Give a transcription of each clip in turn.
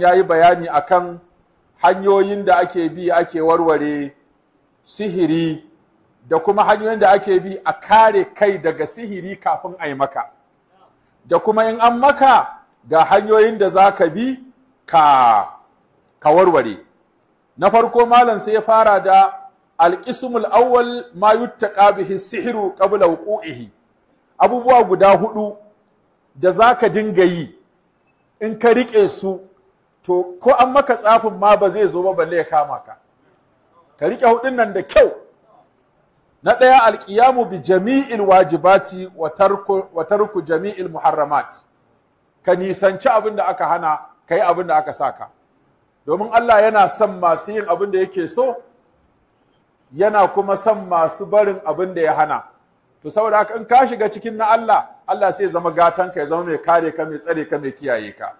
ya yi bayani akan hanyoyin da ake bi ake warware sihiri da kuma hanyoyin da ake bi a kare kai daga sihiri kafin a yi maka da kuma in an maka ga hanyoyin da za ka bi ka warware na farko malam sai ya fara da alƙismul auwal ma yuttaqa bihi sihiru qabla wuqu'ihi abubuwa guda hudu da za ka dinga yi in ka riƙe su to ko an maka tsafin ma ba zai zo ba balle ya kama ka ka rike hudun nan da kyau na ɗaya alƙiyamu bi jami'il wajibati wa tarku jami'il muharramat ka nisanci abin da aka hana ka yi abin da aka saka domin Allah yana son masu yin abin da yake so yana kuma son masu barin abin da ya hana to saboda haka in ka shiga cikin na Allah Allah sai ya zama gatan ka ya zama mai kare ka mai tsare ka mai kiyaye ka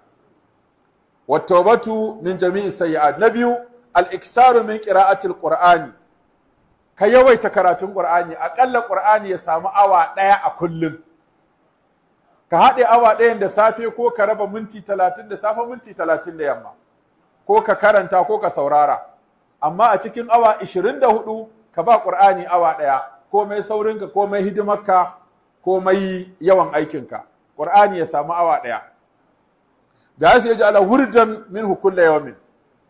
wattaubatu min jami'i sayyi'at na biyu al-iksaru min qira'atil qur'ani ka yawaita karatun ƙur'ani akalla ƙur'ani ya samu awa ɗaya a kullum ka haɗe awa ɗayan da safe ko ka raba minti talatin da safe minti talatin da yamma ko ka karanta ko ka saurara amma a cikin awa ishirin da hudu ka ba ƙur'ani awa ɗaya komai saurinka komai hidimarka mai yawan aikinka ƙur'ani ya samu awa ɗaya da ya yaji ala wurdan minhu kulla yawmin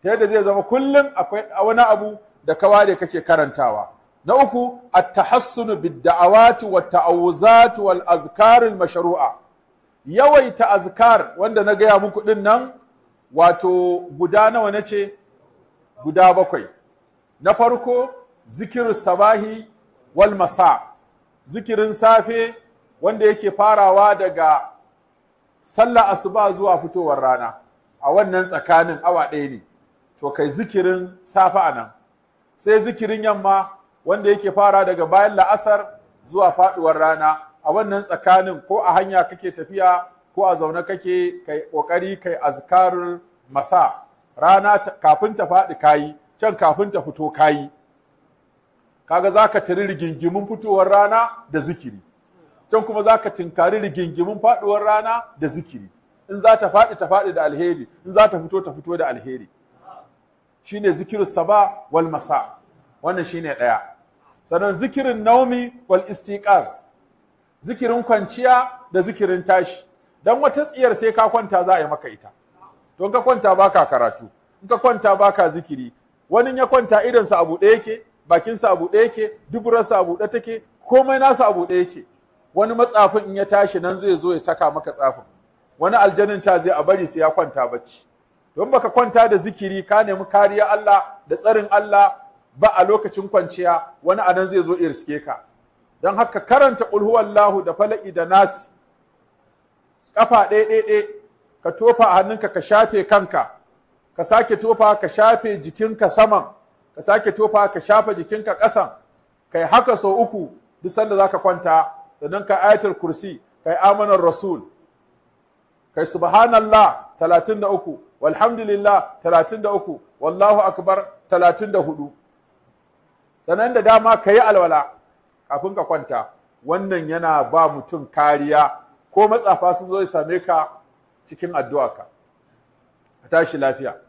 ta yadda zai zama kullum akwai wani abu da ka da kake karantawa na uku at-tahassunu bid-da'awati wat-ta'awuzat wal-azkar al-mashru'a yawaita azkar wanda na gaya muku din nan wato guda nawa nace guda bakwai na farko zikiru sabahi wal masa zikirin safe wanda yake farawa daga sallar asuba zuwa fitowar rana a wannan tsakanin awa ɗaya ne to kai zikirin safa a nan sai zikirin yamma wanda yake fara daga bayan la'asar zuwa faɗuwar rana a wannan tsakanin ko a hanya kake tafiya ko a zaune kake kai ƙoƙari kai azkarul masa rana kafin ta faɗi kayi can kafin ta fito kayi kaga zaka ka tari rigingimin fitowar rana da zikiri can kuma za ka tinkari rigingimin faɗuwar rana da zikiri in za ta faɗi ta faɗi da alheri in za ta fito ta fito da alheri shine zikirin saba wal masa wannan shine ɗaya sannan zikirin naumi wal istiqaz zikirin kwanciya da zikirin tashi dan wata tsiyar sai ka kwanta za a yi maka ita to in ka kwanta baka karatu in ka kwanta baka zikiri wani ya kwanta idansa a buɗe yake bakinsa a buɗe yake duburarsa a buɗe take komai nasa a buɗe yake wani matsafin in ya tashi nan zai zo ya saka maka tsafin wani aljanin ta zai a bari sai ya kwanta bacci don baka kwanta da zikiri ka nemi kariya Allah da tsarin Allah ba a lokacin kwanciya wani a nan zai zo riske ka don haka karanta ulhuwallahu da falaki da nasi kafa ɗaya ɗaya ka tofa a hannunka ka shafe kanka ka sake tofa ka shafe jikinka saman ka sake tofa ka shafe jikinka ƙasan kai haka sau uku duk sanda za ka kwanta sannan ka ayatul kursi kai amanar rasul kai subhanallah 33 walhamdulillah 33 wallahu akbar 34 sannan da dama ka yi alwala kafin ka kwanta wannan yana ba mutum kariya ko matsafa sun zo ya same ka cikin addu'a ka tashi lafiya